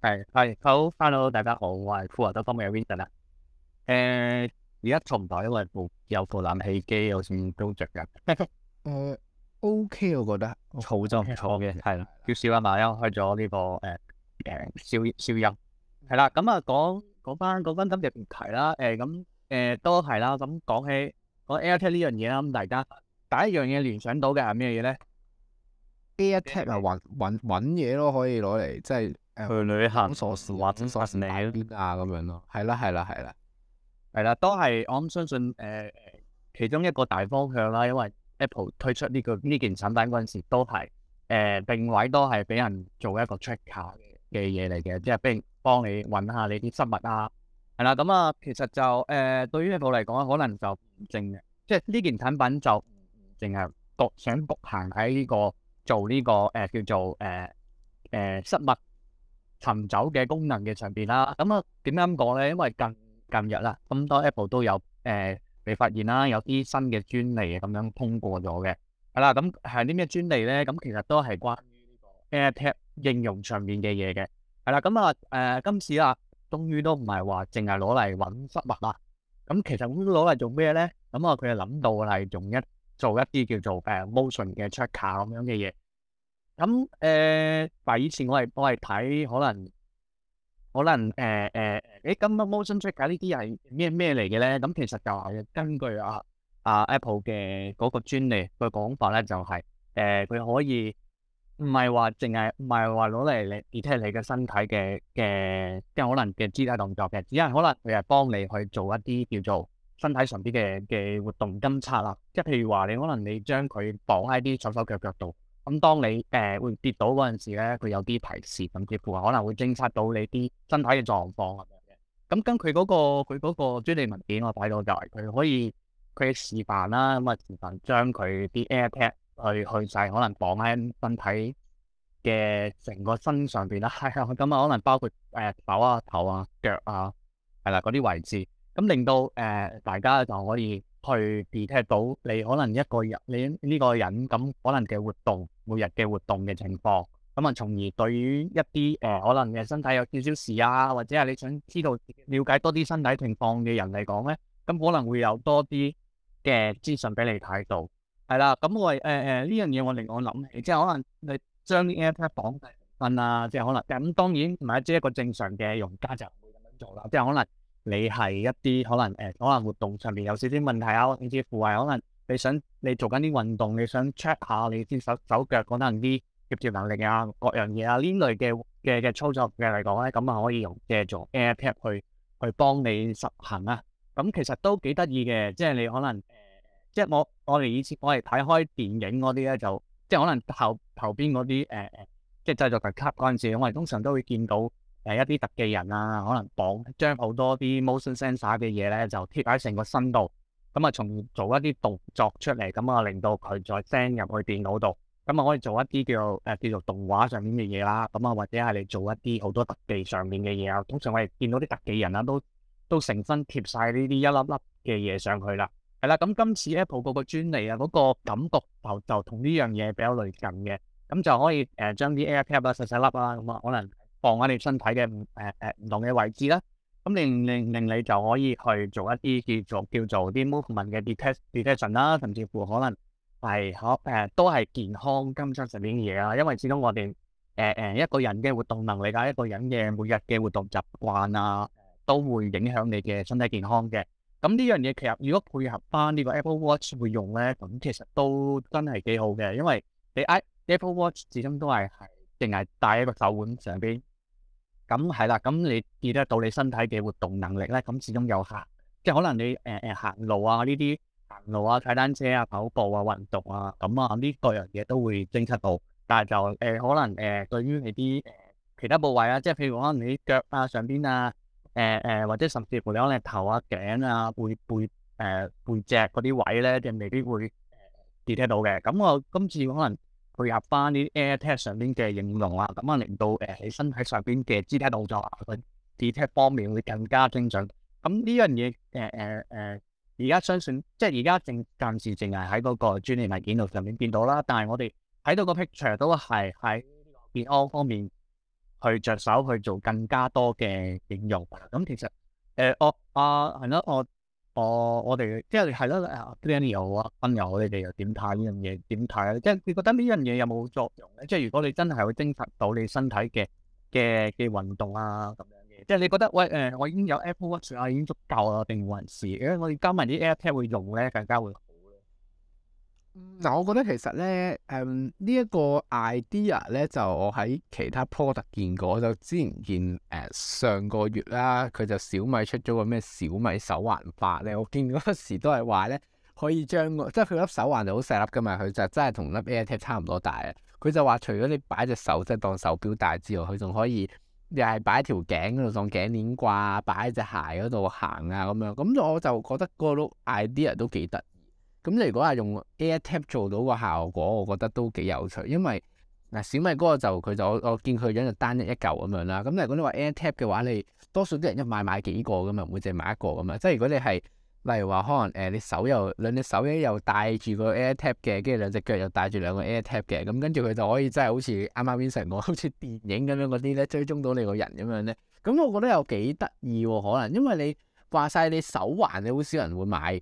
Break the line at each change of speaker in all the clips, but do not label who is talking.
係係好，hello，大家好，我係富華德方面嘅 Vincent 誒，而家嘈唔到因為冇有部冷氣機，有少都着嘅。誒、嗯
嗯、，OK，我覺得嘈
就唔錯嘅，係、okay，啦。叫小阿媽開咗呢個誒誒消消音。係啦，咁啊，講講翻講翻今日嘅題啦。誒，咁誒都係啦。咁講、呃呃、起講 AirTag 呢樣嘢啦，咁大家
第一樣嘢聯想到嘅係咩嘢咧？AirTag 係搵嘢咯，嗯、可以攞嚟，即係。去旅行，傻、嗯、事或者傻事買啲啊咁、啊啊、樣咯，係啦係啦係啦，係啦都係我唔相信誒、呃，
其中一個大方向啦，因為 Apple 推出呢、這個呢件產品嗰陣時，都係誒定位都係俾人做一個 track 嘅嘅嘢嚟嘅，即係俾人幫你揾下你啲失物啊。係啦，咁啊，其實就誒、呃、對於 Apple 嚟講，可能就淨嘅，即係呢件產品就淨係想侷限喺呢個、這個、做呢、這個誒、呃、叫做誒誒失物。尋找嘅功能嘅上邊啦，咁啊點解咁講咧？因為近近日啦，咁多 Apple 都有誒被發現啦，有啲新嘅專利啊咁樣通過咗嘅，係啦，咁係啲咩專利咧？咁其實都係關於呢個 AirTag 應用上面嘅嘢嘅，係啦，咁啊誒今次啊，終於都唔係話淨係攞嚟揾失物啦，咁其實咁攞嚟做咩咧？咁啊佢哋諗到係用一做一啲叫做誒 motion 嘅 checker 咁樣嘅嘢。咁誒、呃，以前我係我睇，可能可能、呃、誒咁 Motion Track 呢啲係咩咩嚟嘅咧？咁其實就係根據啊啊 Apple 嘅嗰個專利嘅講法咧，就係、是、誒，佢、呃、可以唔係話淨係唔係話攞嚟你 detect 你嘅身體嘅嘅，即係可能嘅肢體動作嘅，只係可能佢係幫你去做一啲叫做身體上邊嘅嘅活動監測啦。即係譬如話，你可能你將佢綁喺啲手手腳腳度。咁當你誒、呃、會跌倒嗰陣時咧，佢有啲提示，咁甚至乎可能會偵測到你啲身體嘅狀況咁樣嘅。咁根據嗰個佢嗰個專利文件，我睇到就係佢可以佢嘅示範啦，咁、嗯、啊示範將佢啲 AirTag 去去曬，可能綁喺身體嘅成個身上邊啦，係啊，咁啊可能包括誒手啊、頭啊、腳啊，係啦嗰啲位置，咁令到誒、呃、大家就可以，去 detect 到你可能一個人，你呢個人咁可能嘅活動，每日嘅活動嘅情況，咁啊，從而對於一啲誒、呃、可能嘅身體有少少事啊，或者係你想知道了解多啲身體情況嘅人嚟講咧，咁可能會有多啲嘅資訊俾你睇到。係啦，咁我誒誒呢樣嘢我令我諗起，即係可能你將啲 AirTag 綁定分啊，即係可能。咁當然唔係一個正常嘅用家就唔會咁樣做啦，即係可能。你係一啲可能誒，可能活動上面有少少問題啊，甚至乎係，可能你想你做緊啲運動，你想 check 下你啲手手腳可能啲協調能力啊，各樣嘢啊呢類嘅嘅嘅操作嘅嚟講咧，咁啊可以用借助 A.P.P. 去去幫你實行啊。咁其實都幾得意嘅，即、就、係、是、你可能誒、呃，即係我我哋以前我哋睇開電影嗰啲咧，就即係可能後後邊嗰啲誒誒，即係製作特輯嗰陣時，我哋通常都會見到。誒、啊，一啲特技人啊，可能綁將好多啲 motion sensor 嘅嘢咧，就貼喺成個身度，咁啊，從做一啲動作出嚟，咁啊，令到佢再 send 入去電腦度，咁啊，可以做一啲叫誒、啊，叫做動畫上面嘅嘢啦，咁啊，或者係你做一啲好多特技上面嘅嘢啊，通常我哋見到啲特技人啊，都都成身貼晒呢啲一粒粒嘅嘢上去啦，係啦，咁今次 Apple 嗰個專利啊，嗰、那個感覺就就同呢樣嘢比較類近嘅，咁就可以誒，將啲 AirTag 啊，細細粒啊咁啊，可能。放喺你身體嘅唔誒誒唔同嘅位置啦，咁令令令你就可以去做一啲叫做叫做啲 movement 嘅 detection 啦，甚至乎可能係可誒都係健康監測上面嘅嘢啦。因為始終我哋誒誒一個人嘅活動能力啊，一個人嘅每日嘅活動習慣啊，都會影響你嘅身體健康嘅。咁呢樣嘢其實如果配合翻呢個 Apple Watch 會用咧，咁其實都真係幾好嘅，因為你、The、Apple Watch 始終都係係淨係戴喺個手腕上邊。咁係啦，咁你 detect 到你身體嘅活動能力咧，咁始終有限，即係可能你誒誒行路啊呢啲行路啊踩單車啊跑步啊運動啊，咁啊呢各樣嘢都會偵測到，但係就誒可能誒對於你啲誒其他部位啊，即係譬如可能你啲腳啊上邊啊，誒誒或者甚至乎你可能頭啊頸啊背背誒背脊嗰啲位咧，就未必會 detect 到嘅。咁我今次可能，配合翻啲 AirTag 上面嘅應用啊，咁啊令到誒你、呃、身體上邊嘅肢體動作啊，佢 detect 方面會更加精準。咁呢樣嘢誒誒誒，而、呃、家、呃呃、相信即係而家正暫時淨係喺嗰個專利文件度上面見到啦。但係我哋睇到個 picture 都係喺健康方面去着手去做更加多嘅應用。咁其實誒我啊係咯我。啊哦，我哋即係係咯，Daniel，啊，分友，你哋又點睇呢樣嘢？點睇咧？即係你覺得呢樣嘢有冇作用咧？即係如果你真係會偵察到你身體嘅嘅嘅運動啊咁樣嘅，即係你覺得喂誒、呃，我已經有 Apple Watch 啊，已經足夠啊，定還是誒我哋加埋啲 AirTag 會用咧更加會？
嗱，我覺得其實咧，誒呢一個 idea 咧，就我喺其他 product 見過，就之前見誒、呃、上個月啦，佢就小米出咗個咩小米手環八咧，我見嗰時都係話咧可以將個即係佢粒手環就好細粒噶嘛，佢就真係同粒 AirTag 差唔多大啊。佢就話除咗你擺隻手即係當手錶戴之外，佢仲可以又係擺條頸嗰度當頸鏈掛，擺喺隻鞋嗰度行啊咁樣。咁我就覺得嗰個 idea 都幾得。咁你如果係用 AirTag 做到個效果，我覺得都幾有趣，因為嗱，小米嗰個就佢就我見見佢樣就單一一嚿咁樣啦。咁你如果你話 AirTag 嘅話，你多數啲人一買買幾個噶嘛，唔會淨買一個噶嘛。即係如果你係例如話可能誒、呃、你手又兩隻手咧又戴住個 AirTag 嘅，跟住兩隻腳又戴住兩個 AirTag 嘅，咁跟住佢就可以真係好似啱啱 Vincent 好似電影咁樣嗰啲咧，追蹤到你個人咁樣咧。咁我覺得有幾得意喎，可能因為你話晒你手環你好少人會買。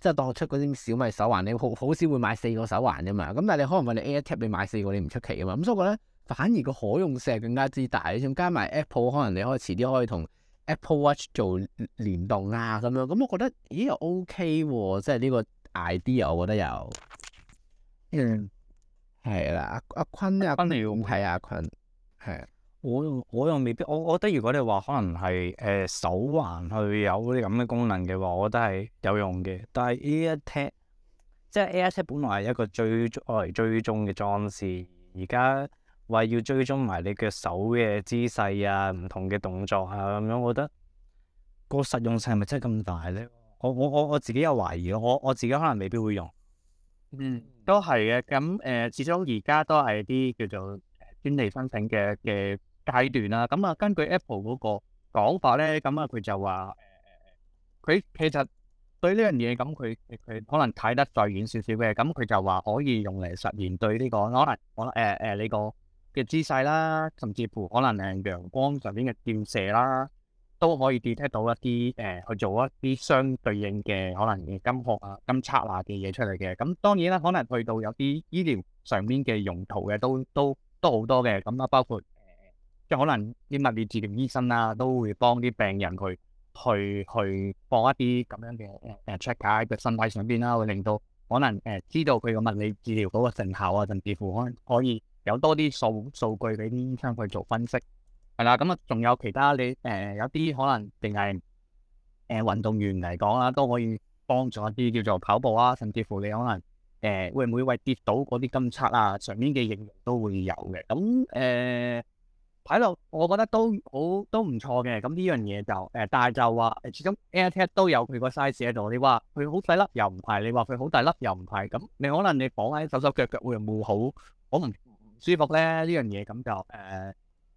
即係當我出嗰啲小米手環，你好好少會買四個手環啫嘛。咁但係你可能為你 AirTag 你買四個，你唔出奇噶嘛。咁所以我覺得反而個可用性更加之大。仲加埋 Apple 可能你可以遲啲可以同 Apple Watch 做連動啊，咁樣。咁我覺得咦又 OK 喎，即係呢個 idea 我覺得又。嗯，係啦，阿阿坤啊，睇啊，坤，係啊。我又我又未必，我我覺得如果你話可能係
誒、呃、手環去有啲咁嘅功能嘅話，我覺得係有用嘅。但係呢一貼即係 AirTag，本來係一個追嚟追蹤嘅裝置，而家話要追蹤埋你腳手嘅姿勢啊、唔同嘅動作啊咁樣，我覺得個實用性係咪真係咁大咧？我我我我自己有懷疑咯，我我自己可能未必會用。嗯，都係嘅。咁誒、呃，始終而家都係啲
叫做專利申請嘅嘅。階段啦，咁啊，根據 Apple 嗰個講法咧，咁啊，佢就話，佢其實對呢樣嘢，咁佢佢可能睇得再遠少少嘅，咁佢就話可以用嚟實現對呢個可能，可能誒誒呢個嘅姿勢啦，甚至乎可能誒陽光上邊嘅照射啦，都可以 detect 到一啲誒去做一啲相對應嘅可能嘅監控啊、監測啊嘅嘢出嚟嘅。咁當然啦，可能去到有啲醫療上邊嘅用途嘅，都都都好多嘅。咁啊，包括。即可能啲物理治療醫生啦、啊，都會幫啲病人佢去去放一啲咁樣嘅誒誒 check 解個身體上邊啦、啊，會令到可能誒、啊、知道佢個物理治療嗰個成效啊，甚至乎可能可以有多啲數數據俾啲醫生去做分析。係啦，咁、嗯、啊，仲有其他你誒、呃、有啲可能定係誒運動員嚟講啦，都可以幫助一啲叫做跑步啊，甚至乎你可能誒、呃、會唔會為跌倒嗰啲檢測啊上面嘅應用都會有嘅。咁、嗯、誒。呃睇落，我覺得都好都唔錯嘅。咁呢樣嘢就誒，但係就話誒，始終 AirTag 都有佢個 size 喺度。你話佢好細粒又唔係，你話佢好大粒又唔係。咁你可能你綁喺手手腳腳會唔會好好唔唔舒服咧？呢樣嘢咁就誒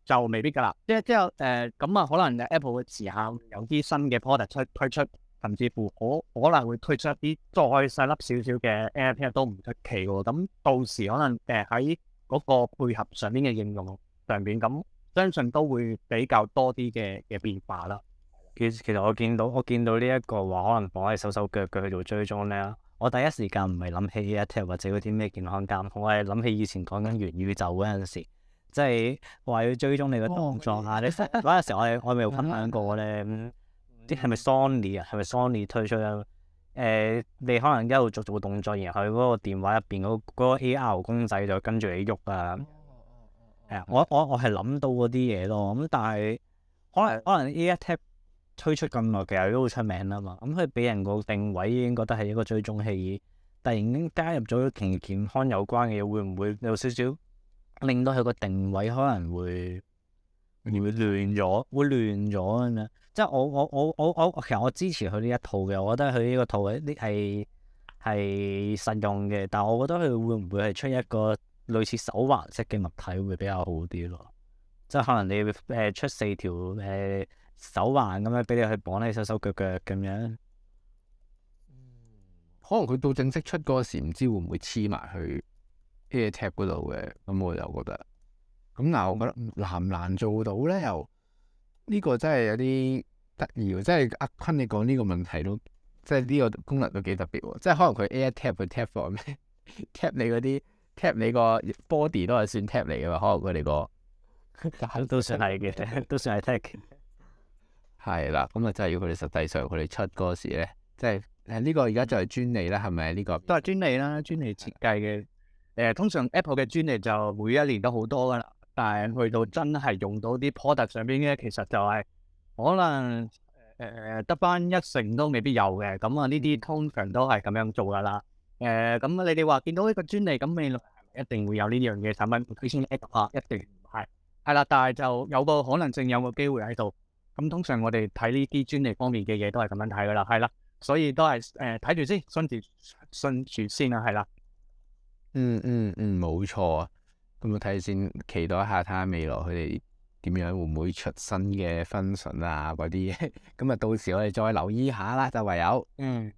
就未必㗎啦。即係之後誒咁啊，可能 Apple 會遲下有啲新嘅 product 出推出，甚至乎可可能會推出一啲再細粒少少嘅 AirTag 都唔出奇喎。咁到時可能誒喺嗰個配合上面嘅應用上面咁。相信都會比較多啲嘅嘅變化
啦。其其實我見到我見到呢一個話，可能我喺手手腳腳去做追蹤咧。我第一時間唔係諗起 A.R. 或者嗰啲咩健康監控，我係諗起以前講緊元宇宙嗰陣時，即係話要追蹤你個動作啊。嗰、哦、陣 時我係我未分享過咧，啲係咪 Sony 啊？係咪 Sony 推出誒、呃？你可能一路做做動作，然後嗰個電話入邊嗰個 A.R. 公仔就跟住你喐啊！我我我係諗到嗰啲嘢咯，咁但係可能可能 AirTag 推出咁耐，其實都好出名啦嘛。咁佢俾人個定位已經覺得係一個追蹤器，突然間加入咗同健康有關嘅嘢，會唔會有少少令到佢個定位可能會會亂咗？會亂咗咁樣。即係我我我我我其實我支持佢呢一套嘅，我覺得佢呢個套係係係實用嘅。但係我覺得佢會唔會係出一個類似手環式嘅物體會比較好啲咯，即係可能你會誒、呃、出四條誒、呃、
手環咁樣俾你去綁你手手腳腳咁樣，可能佢到正式出嗰時唔知會唔會黐埋去 AirTag 嗰度嘅，咁我又覺得，咁嗱我覺得難唔難做到咧？又、呃、呢、這個真係有啲得意，即係阿坤你講呢個問題都，即係呢個功能都幾特別，即係可能佢 AirTag 去 tap 咩 tap 你嗰啲。tap 你個 body 都係算 tap 嚟嘅嘛，可能佢哋個，都算係嘅，都算係 Tag。係啦，咁啊，就係如果佢哋實際上佢哋出嗰時咧，即係誒呢個而家就係專利啦，係咪？呢個都係專利啦，專利設計嘅。誒、 呃，通常 Apple 嘅專利就每一
年都好多㗎啦，但係去到真係用到啲 product 上邊咧，其實就係、係、可能誒得翻一成都未必有嘅。咁啊，呢啲通常都係咁樣做㗎啦。誒、呃，咁你哋話見到呢個專利，咁未來一定會有呢樣嘅產品推薦呢度啊？一定係係啦，但係就有個可能性，有個機會喺度。咁通常我哋睇呢啲專利方面嘅嘢都係咁樣睇噶啦，係啦，所以都係誒睇住先，順住順住先啦，係啦。
嗯嗯嗯，冇、嗯、錯。咁我睇先，期待一下，睇下未來佢哋點樣會唔會出新嘅 function 啊，嗰啲嘢。咁啊，到時我哋再留意下啦。就唯有嗯。